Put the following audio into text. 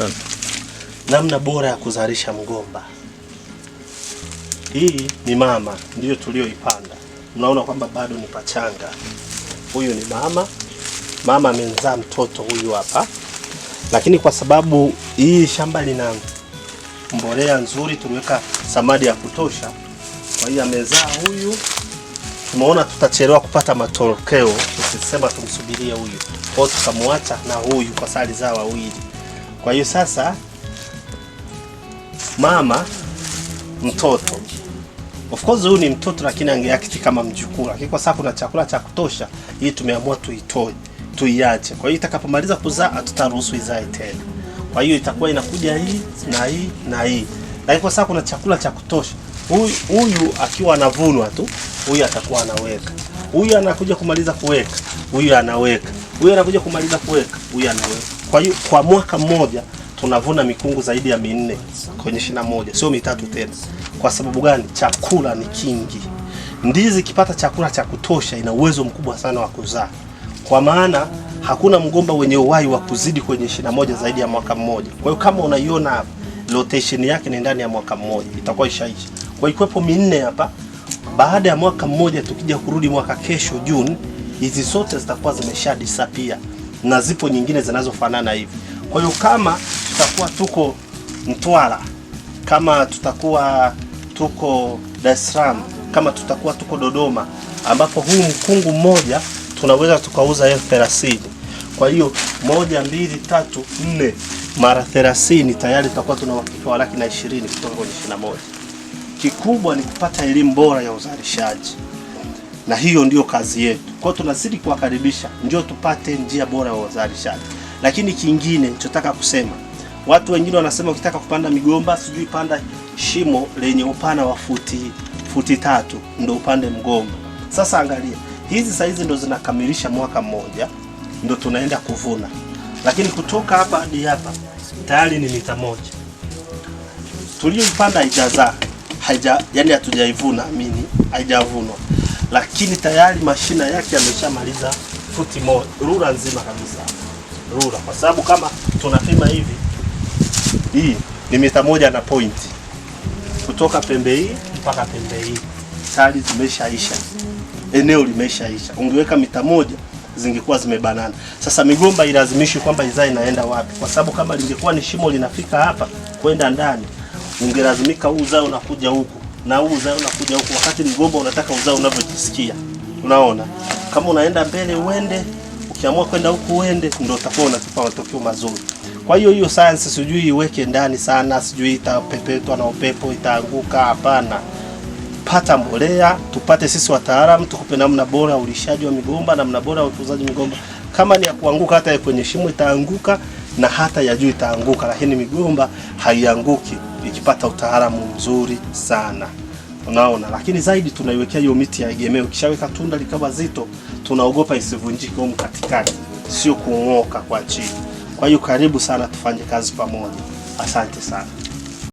sana. Namna bora ya kuzalisha mgomba. Hii ni mama ndiyo tulioipanda. Mnaona kwamba bado ni pachanga. Huyu ni mama, mama amemzaa mtoto huyu hapa, lakini kwa sababu hii shamba lina mbolea nzuri, tumeweka samadi ya kutosha. Kwa hiyo amezaa huyu, tumeona tutachelewa kupata matokeo, tusisema tumsubirie huyu kwao, tukamwacha na huyu kwa sali zao wawili. Kwa hiyo sasa mama mtoto Of course huyu ni mtoto lakini angeakiti kama mjukuu, lakini kwa sababu kuna chakula cha kutosha, hii tumeamua tuitoe, tuiache. Kwa hiyo itakapomaliza kuzaa hatutaruhusu izae tena. Kwa hiyo itakuwa inakuja hii na hii na hii, lakini kwa sababu kuna chakula cha kutosha, huyu akiwa anavunwa tu, huyu atakuwa anaweka, huyu anakuja kumaliza kuweka, huyu anaweka, huyu anakuja kumaliza kuweka, huyu anaweka kwa hiyo kwa mwaka mmoja tunavuna mikungu zaidi ya minne kwenye shina moja, sio mitatu tena. Kwa sababu gani? Chakula ni kingi. Ndizi ikipata chakula cha kutosha, ina uwezo mkubwa sana wa kuzaa, kwa maana hakuna mgomba wenye uwai wa kuzidi kwenye shina moja zaidi ya mwaka mmoja. Kwa hiyo kama unaiona rotation yake ni ndani ya mwaka mmoja itakuwa ishaisha. Kwa ikiwepo minne hapa, baada ya mwaka mmoja tukija kurudi mwaka kesho June, hizi zote zitakuwa zimesha disappear na zipo nyingine zinazofanana hivi. Kwa hiyo kama tutakuwa tuko Mtwara, kama tutakuwa tuko Dar es Salaam, kama tutakuwa tuko Dodoma, ambapo huu mkungu mmoja tunaweza tukauza elfu thelathini. Kwa hiyo moja, mbili, tatu, nne mara 30 tayari tutakuwa tuna uhakika wa laki na ishirini kutoka kwenye ishirini na moja. Kikubwa ni kupata elimu bora ya uzalishaji na hiyo ndio kazi yetu. Kwa hiyo tunazidi kuwakaribisha ndio tupate njia bora ya uzalishaji. Lakini kingine ninachotaka kusema, watu wengine wanasema ukitaka kupanda migomba sijui panda shimo lenye upana wa futi futi tatu ndio upande mgomba. Sasa angalia hizi saizi ndo zinakamilisha mwaka mmoja, ndo tunaenda kuvuna, lakini kutoka hapa hadi hapa tayari ni mita moja tuliyoipanda haijazaa haija, yani hatujaivuna mimi haijavunwa lakini tayari mashina yake yameshamaliza futi moja, rula nzima kabisa, rula, kwa sababu kama tunapima hivi, hii ni mita moja na pointi kutoka pembe hii mpaka pembe hii, tayari zimeshaisha, eneo limeshaisha. Ungeweka mita moja zingekuwa zimebanana. Sasa migomba ilazimishwi kwamba izaa inaenda wapi, kwa sababu kama lingekuwa ni shimo linafika hapa kwenda ndani, ungelazimika huu zao unakuja huku na huu uzao unakuja huku, wakati mgomba unataka uzao unavyojisikia. Unaona, kama unaenda mbele uende, ukiamua kwenda huku uende, ndio utakuwa unatupa matokeo mazuri. Kwa hiyo hiyo science sijui iweke ndani sana, sijui itapepetwa na upepo itaanguka. Hapana, pata mbolea, tupate sisi wataalamu, tukupe namna bora ulishaji wa migomba, namna bora utunzaji migomba. Kama ni ya kuanguka, hata kwenye shimo itaanguka na hata ya juu itaanguka, lakini migomba haianguki ikipata utaalamu mzuri sana. Unaona, lakini zaidi tunaiwekea hiyo miti ya egemeo. Ukishaweka tunda likawa zito, tunaogopa isivunjike huko katikati, sio kuong'oka kwa chini. Kwa hiyo karibu sana, tufanye kazi pamoja. Asante sana.